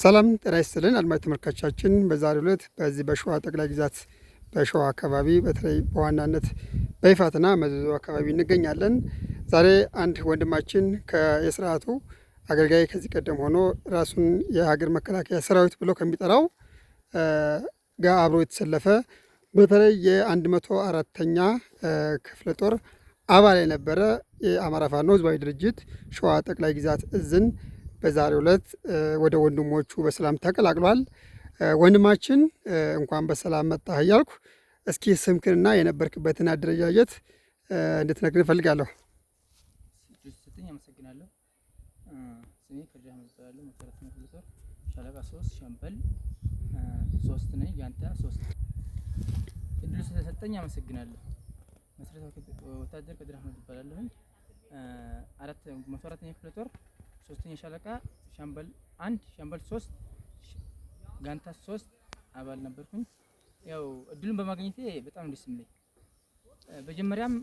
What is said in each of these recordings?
ሰላም ጤና ይስጥልን አድማጭ ተመልካቻችን፣ በዛሬ ዕለት በዚህ በሸዋ ጠቅላይ ግዛት በሸዋ አካባቢ በተለይ በዋናነት በይፋትና መዘዞ አካባቢ እንገኛለን። ዛሬ አንድ ወንድማችን የስርዓቱ አገልጋይ ከዚህ ቀደም ሆኖ ራሱን የሀገር መከላከያ ሰራዊት ብሎ ከሚጠራው ጋር አብሮ የተሰለፈ በተለይ የአንድ መቶ አራተኛ ክፍለ ጦር አባል የነበረ የአማራ ፋኖ ህዝባዊ ድርጅት ሸዋ ጠቅላይ ግዛት እዝን በዛሬው ዕለት ወደ ወንድሞቹ በሰላም ተቀላቅሏል። ወንድማችን እንኳን በሰላም መጣህ እያልኩ እስኪ ስምክንና የነበርክበትን አደረጃጀት እንድትነግር እፈልጋለሁ። አመሰግናለሁ። ስሜ መሰረት ሻለቃ ሶስት ሻምበል ሶስት ነኝ። ያንተ ሶስት እድሉ አመሰግናለሁ። መሰረት ወታደር ቀድር አህመድ ይባላለሁ። አራት መቶ አራተኛ ክፍለ ጦር ሶስተኛ ሻለቃ ሻምበል አንድ ሻምበል ሶስት ጋንታ ሶስት አባል ነበርኩኝ። ያው እድሉን በማግኘቴ በጣም ደስ የሚለኝ መጀመሪያም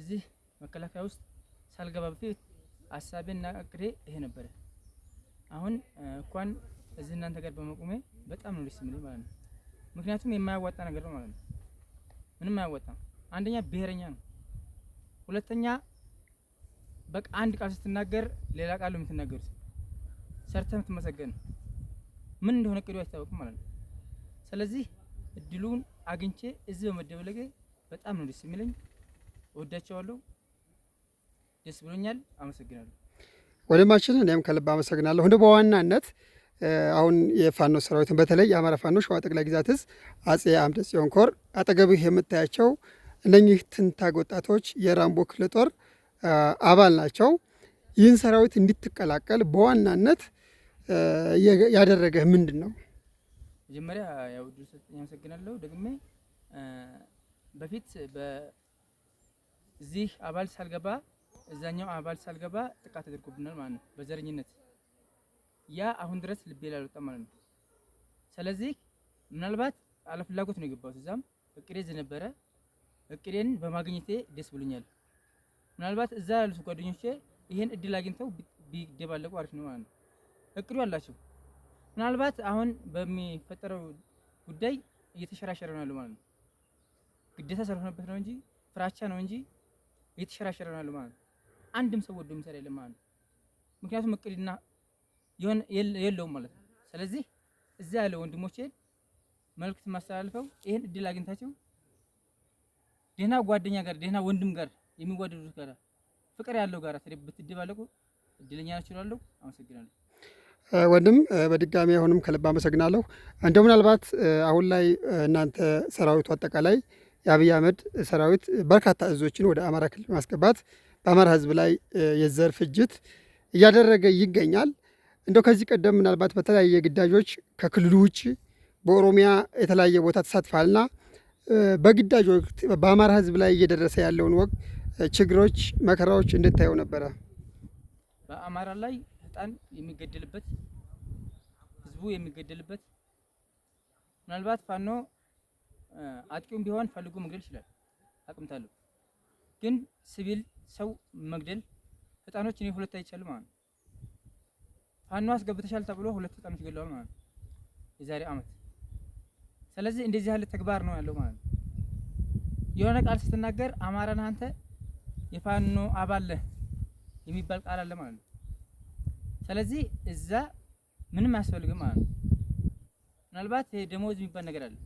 እዚህ መከላከያ ውስጥ ሳልገባ በፊት አሳቤና እቅዴ ይሄ ነበረ። አሁን እንኳን እዚህ እናንተ ጋር በመቆሜ በጣም ነው ደስ የሚለኝ ማለት ነው። ምክንያቱም የማያዋጣ ነገር ነው ማለት ነው። ምንም አያዋጣም። አንደኛ ብሔረኛ ነው፣ ሁለተኛ በቃ አንድ ቃል ስትናገር ሌላ ቃል የምትናገሩት። ሰርተ የምትመሰገን ምን እንደሆነ ቅዱ አይታወቅም ማለት ነው። ስለዚህ እድሉን አግኝቼ እዚህ በመደበለገ በጣም ነው ደስ የሚለኝ። ወዳቸዋለሁ ደስ ብሎኛል። አመሰግናለሁ። ወንድማችን እኔም ከልብ አመሰግናለሁ። እንደ በዋናነት አሁን የፋኖ ሰራዊትን በተለይ የአማራ ፋኖ ሸዋ ጠቅላይ ግዛት ዕዝ አጼ አምደ ጽዮን ኮር አጠገብህ የምታያቸው እነኚህ ትንታግ ወጣቶች የራምቦ ክፍለ ጦር አባል ናቸው። ይህን ሰራዊት እንድትቀላቀል በዋናነት ያደረገህ ምንድን ነው? መጀመሪያ ያው እድል ሰጠኝ አመሰግናለሁ። ደግሜ በፊት በዚህ አባል ሳልገባ እዛኛው አባል ሳልገባ ጥቃት ተደርጎብናል ማለት ነው፣ በዘረኝነት ያ አሁን ድረስ ልቤ ላይ አልወጣም ማለት ነው። ስለዚህ ምናልባት አለፍላጎት ነው የገባሁት። እዛም እቅዴ ዝነበረ እቅዴን በማግኘቴ ደስ ብሎኛል። ምናልባት እዛ ያሉት ጓደኞቼ ይሄን እድል አግኝተው ቢደባለቁ አሪፍ ነው ማለት ነው። እቅዱ አላቸው። ምናልባት አሁን በሚፈጠረው ጉዳይ እየተሸራሸረ ነው ያለው ማለት ነው። ግዴታ ስለሆነበት ነው እንጂ ፍራቻ ነው እንጂ እየተሸራሸረ ነው ያለው ማለት ነው። አንድም ሰው ወዶ የሚሰራ የለም ማለት ነው። ምክንያቱም እቅድና የሆነ የለውም ማለት ነው። ስለዚህ እዛ ያለው ወንድሞቼን መልእክት ማስተላልፈው ይሄን እድል አግኝታችሁ ደህና ጓደኛ ጋር ደህና ወንድም ጋር የሚጓደዱት ጋር ፍቅር ያለው ጋር ብትደባለቁ እድለኛ ናችኋለሁ። አመሰግናለሁ። ወንድም በድጋሚ አሁንም ከልብ አመሰግናለሁ። እንደው ምናልባት አሁን ላይ እናንተ ሰራዊቱ አጠቃላይ የአብይ አህመድ ሰራዊት በርካታ እዞችን ወደ አማራ ክልል ማስገባት በአማራ ህዝብ ላይ የዘር ፍጅት እያደረገ ይገኛል። እንደው ከዚህ ቀደም ምናልባት በተለያየ ግዳጆች ከክልሉ ውጭ በኦሮሚያ የተለያየ ቦታ ተሳትፋልና በግዳጅ ወቅት በአማራ ህዝብ ላይ እየደረሰ ያለውን ወቅት ችግሮች፣ መከራዎች እንድታዩ ነበረ። በአማራ ላይ ህጣን የሚገደልበት ህዝቡ የሚገደልበት ምናልባት ፋኖ አጥቂውም ቢሆን ፈልጎ መግደል ይችላል፣ አቅምታለሁ። ግን ሲቪል ሰው መግደል ህጣኖች እኔ ሁለት አይቻልም ማለት ነው። ፋኖ አስገብተሻል ተብሎ ሁለት ህጣኖች ገለዋል ማለት ነው የዛሬ አመት። ስለዚህ እንደዚህ ያለ ተግባር ነው ያለው ማለት ነው። የሆነ ቃል ስትናገር አማራን አንተ የፋኖ አባለ የሚባል ቃል አለ ማለት ነው። ስለዚህ እዛ ምንም አያስፈልግም ማለት ነው። ምናልባት ደሞዝ የሚባል ነገር አለ።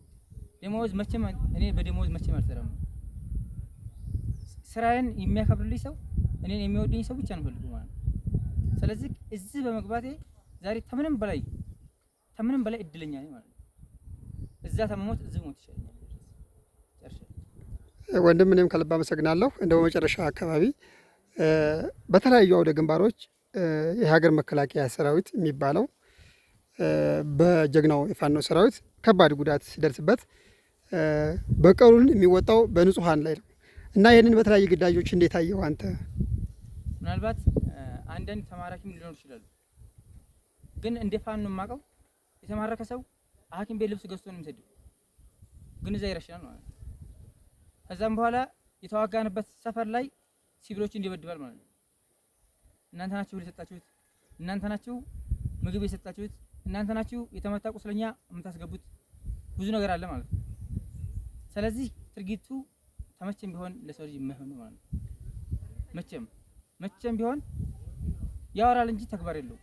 ደሞዝ መቼም እኔ በደሞዝ መቼም አልሰራም። ስራዬን የሚያከብርልኝ ሰው፣ እኔን የሚወደኝ ሰው ብቻ ነው ፈልገው ማለት ነው። ስለዚህ እዚህ በመግባቴ ዛሬ ከምንም በላይ ከምንም በላይ እድለኛ ነኝ ማለት ነው። እዛ ተመሞት እዚህ ሞት ይሻለኛል። ወንድም እኔም ከልብ አመሰግናለሁ። እንደ በመጨረሻ አካባቢ በተለያዩ አውደ ግንባሮች የሀገር መከላከያ ሰራዊት የሚባለው በጀግናው የፋኖ ሰራዊት ከባድ ጉዳት ሲደርስበት በቀሩን የሚወጣው በንጹሀን ላይ ነው እና ይህንን በተለያዩ ግዳጆች እንዴት አየው አንተ? ምናልባት አንዳንድ ተማራኪም ሊኖር ይችላሉ። ግን እንደ ፋኖ የማውቀው የተማረከ ሰው ሐኪም ቤት ልብስ ገዝቶ ነው ግን እዛ ይረሽናል ማለት ነው ከዛም በኋላ የተዋጋንበት ሰፈር ላይ ሲቪሎች ይደበድባል ማለት ነው። እናንተ ናችሁ ብር የሰጣችሁት፣ እናንተ ናችሁ ምግብ የሰጣችሁት፣ እናንተ ናችሁ የተመታ ቁስለኛ የምታስገቡት፣ ብዙ ነገር አለ ማለት ነው። ስለዚህ ድርጊቱ ተመቼም ቢሆን ለሰው ልጅ የማይሆን ማለት ነው። መቼም መቼም ቢሆን ያወራል እንጂ ተግባር የለውም።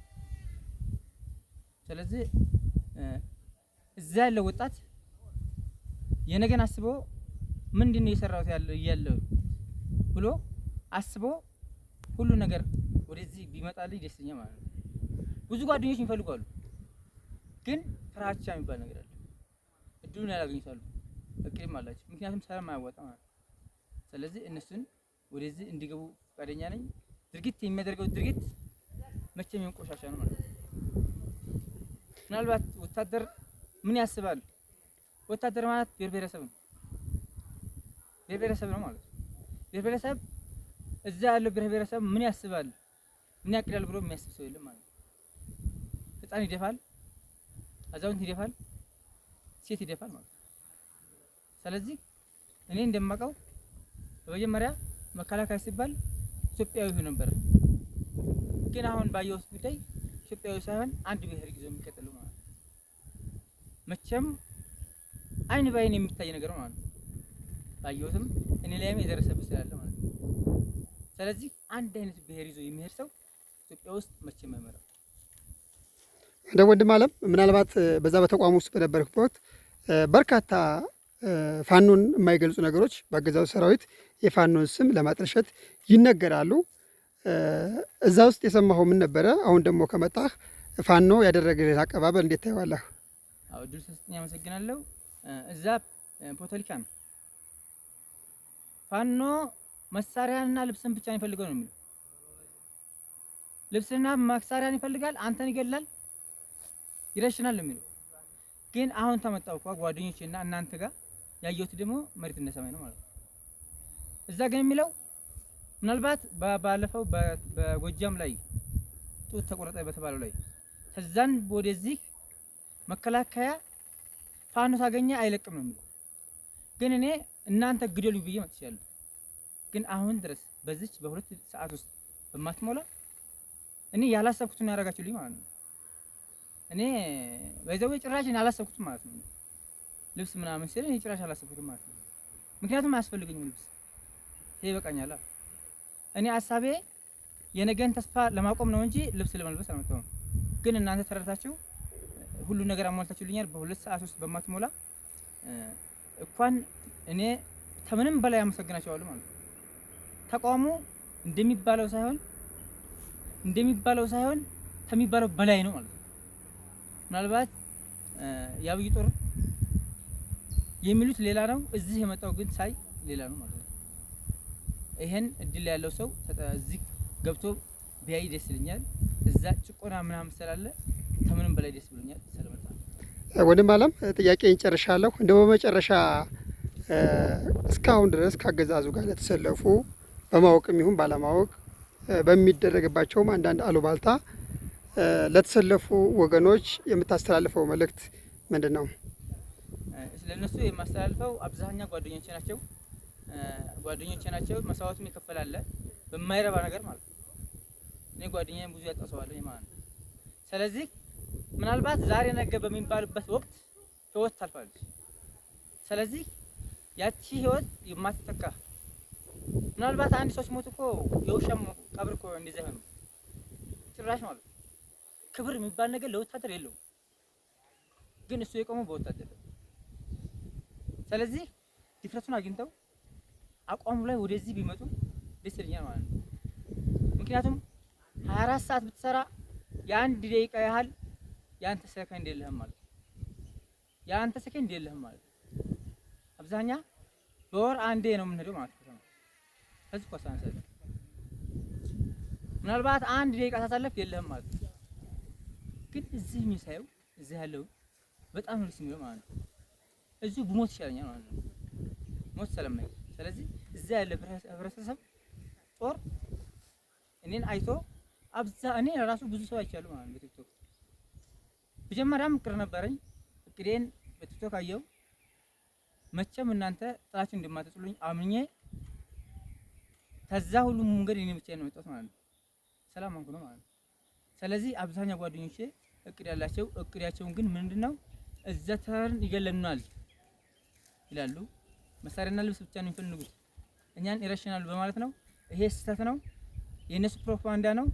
ስለዚህ እዛ ያለው ወጣት የነገን አስቦ ምንድን ነው የሰራሁት ያለው ብሎ አስቦ ሁሉ ነገር ወደዚህ ቢመጣልኝ ደስተኛ ማለት ነው። ብዙ ጓደኞች ይፈልጓሉ፣ ግን ፍራቻ የሚባል ነገር አለ። እድሉን ያላገኙታሉ፣ እቅድም አላቸው፣ ምክንያቱም ሰላም አያዋጣ ማለት ነው። ስለዚህ እነሱን ወደዚህ እንዲገቡ ፈቃደኛ ነኝ። ድርጊት የሚያደርገው ድርጊት መቼም ይሁን ቆሻሻ ነው ማለት ነው። ምናልባት ወታደር ምን ያስባል? ወታደር ማለት ብሔር ብሔረሰብ ነው። ብሔር ብሔረሰብ ነው ማለት ነው። ብሔር ብሔረሰብ እዛ ያለው ብሔር ብሔረሰብ ምን ያስባል ምን ያቅዳል ብሎ የሚያስብ ሰው የለም ማለት ነው። ህፃን ይደፋል፣ አዛውንት ይደፋል፣ ሴት ይደፋል ማለት ነው። ስለዚህ እኔ እንደማውቀው በመጀመሪያ መከላከያ ሲባል ኢትዮጵያዊ ነበር። ግን አሁን ባየሁት ጉዳይ ኢትዮጵያዊ ሳይሆን አንድ ብሔር ይዞ የሚቀጥለው ማለት ነው። መቼም አይን ባይን የሚታይ ነገር ማለት ነው። ባየሁትም እኔ ላይም የደረሰብኝ ስላለ ማለት ነው። ስለዚህ አንድ አይነት ብሔር ይዞ የሚሄድ ሰው ኢትዮጵያ ውስጥ መቼም አይመራም። እንደ ወንድም አለም ምናልባት በዛ በተቋሙ ውስጥ በነበርክ ወቅት በርካታ ፋኖን የማይገልጹ ነገሮች በአገዛዙ ሰራዊት የፋኖን ስም ለማጥላሸት ይነገራሉ። እዛ ውስጥ የሰማኸው ምን ነበረ? አሁን ደግሞ ከመጣህ ፋኖ ያደረገልን አቀባበል እንዴት ታየዋለህ? ድል ሰስጥኝ አመሰግናለሁ። እዛ ፖቶሊካ ነው ፋኖ መሳሪያንና ልብስን ብቻ የሚፈልገው ነው የሚለው። ልብስና መሳሪያን ይፈልጋል፣ አንተን ይገላል፣ ይረሽናል ነው የሚለው። ግን አሁን ተመጣው እኮ ጓደኞቼ እና እናንተ ጋር ያየሁት ደግሞ መሬት እንደ ሰማይ ነው ማለት ነው። እዛ ግን የሚለው ምናልባት ባለፈው በጎጃም ላይ ጡት ተቆረጠ በተባለው ላይ ከዛን ወደዚህ መከላከያ ፋኖ ታገኘ አይለቅም ነው የሚለው ግን እኔ እናንተ ግደሉ ብዬ መጥቻለሁ። ግን አሁን ድረስ በዚች በሁለት ሰዓት ውስጥ በማትሞላ እኔ ያላሰብኩትን ያደረጋችሁልኝ ማለት ነው። እኔ በዛው ጭራሽ ያላሰብኩት ማለት ነው። ልብስ ምናምን ሲል እኔ ጭራሽ አላሰብኩትም ማለት ነው። ምክንያቱም አያስፈልገኝም ልብስ ይሄ ይበቃኛል። እኔ አሳቤ የነገን ተስፋ ለማቆም ነው እንጂ ልብስ ለመልበስ አልመጣሁም። ግን እናንተ ተረድታችሁ ሁሉ ነገር አሟልታችሁልኛል። በሁለት ሰዓት ውስጥ በማትሞላ እንኳን እኔ ከምንም በላይ አመሰግናቸዋለሁ ማለት ነው። ተቋሙ እንደሚባለው ሳይሆን እንደሚባለው ሳይሆን ከሚባለው በላይ ነው ማለት ነው። ምናልባት የአብይ ጦር የሚሉት ሌላ ነው፣ እዚህ የመጣው ግን ሳይ ሌላ ነው ማለት ነው። ይሄን እድል ያለው ሰው እዚህ ገብቶ ቢያይ ደስ ይለኛል። እዛ ጭቆና ምናምን ስላለ ከምንም በላይ ደስ ብሎኛል ስለመጣ። ወንድም አለም ጥያቄ እንጨርሻለሁ እንደው በመጨረሻ እስካሁን ድረስ ከአገዛዙ ጋር ለተሰለፉ በማወቅም ይሁን ባለማወቅ በሚደረግባቸውም አንዳንድ አሉባልታ ለተሰለፉ ወገኖች የምታስተላልፈው መልእክት ምንድን ነው? ስለነሱ የማስተላልፈው አብዛኛው ጓደኞቼ ናቸው። ጓደኞቼ ናቸው። መስዋዕትም ይከፈላለ በማይረባ ነገር ማለት ነው። እኔ ጓደኛ ብዙ ያጣሰዋለኝ ማለት ነው። ስለዚህ ምናልባት ዛሬ ነገ በሚባልበት ወቅት ህይወት ታልፋለች። ስለዚህ ያቺ ህይወት የማትተካ ምናልባት አንድ ሰው ሲሞት እኮ የውሻም ቀብር እኮ እንደዚህ አይሆንም ጭራሽ ማለት ክብር የሚባል ነገር ለወታደር የለውም። ግን እሱ የቆመው በወታደር ስለዚህ ድፍረቱን አግኝተው አቋሙ ላይ ወደዚህ ቢመጡ ደስ ይለኛል ማለት ነው። ምክንያቱም 24 ሰዓት ብትሰራ የአንድ ደቂቃ ያህል የአንተ ሰከንድ የለህም ማለት የአንተ ሰከንድ የለህም ማለት አብዛኛ በወር አንዴ ነው የምንሄደው ማለት ነው። እዚህ ኳስ አንሰጥ ምናልባት አንድ ደቂቃ ሳሳለፍ የለህም ማለት ነው። ግን እዚህ የሚሳየው እዚህ ያለው በጣም ነው የሚለው ማለት ነው። እዚሁ ብሞት ይሻለኛል ማለት ነው። ሞት ሰላም ስለዚህ እዛ ያለ ህብረተሰብ ጦር እኔን አይቶ አብዛ እኔ ራሱ ብዙ ሰው አይቻሉ ማለት ነው። በቲክቶክ መጀመሪያም እቅድ ነበረኝ። እቅዴን በቲክቶክ አየው መቼም እናንተ ጥላችሁ እንደማትጥሉኝ አምኜ ከዛ ሁሉም መንገድ እኔ ብቻ ነው የመጣሁት ማለት ነው። ሰላም አንኩ ነው ማለት ነው። ስለዚህ አብዛኛው ጓደኞቼ እቅድ ያላቸው እቅዳቸውን ግን ምንድን ነው እዛ ተራርን ይገለናል ይላሉ። መሳሪያና ልብስ ብቻ ነው የሚፈልጉት እኛን ይረሽናሉ በማለት ነው። ይሄ ስህተት ነው፣ የእነሱ ፕሮፓጋንዳ ነው።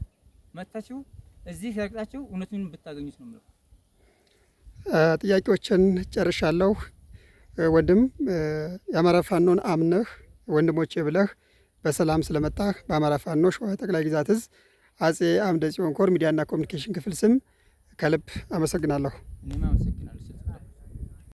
መታችሁ እዚህ ሲያርቅጣችሁ እውነቱን ብታገኙት ነው የምለው። ጥያቄዎችን ጨርሻለሁ። ወንድም የአማራ ፋኖን አምነህ ወንድሞቼ ብለህ በሰላም ስለመጣህ በአማራ ፋኖ ሸዋ ጠቅላይ ግዛት እዝ አጼ አምደ ጽዮን ኮር ሚዲያና ኮሚኒኬሽን ክፍል ስም ከልብ አመሰግናለሁ።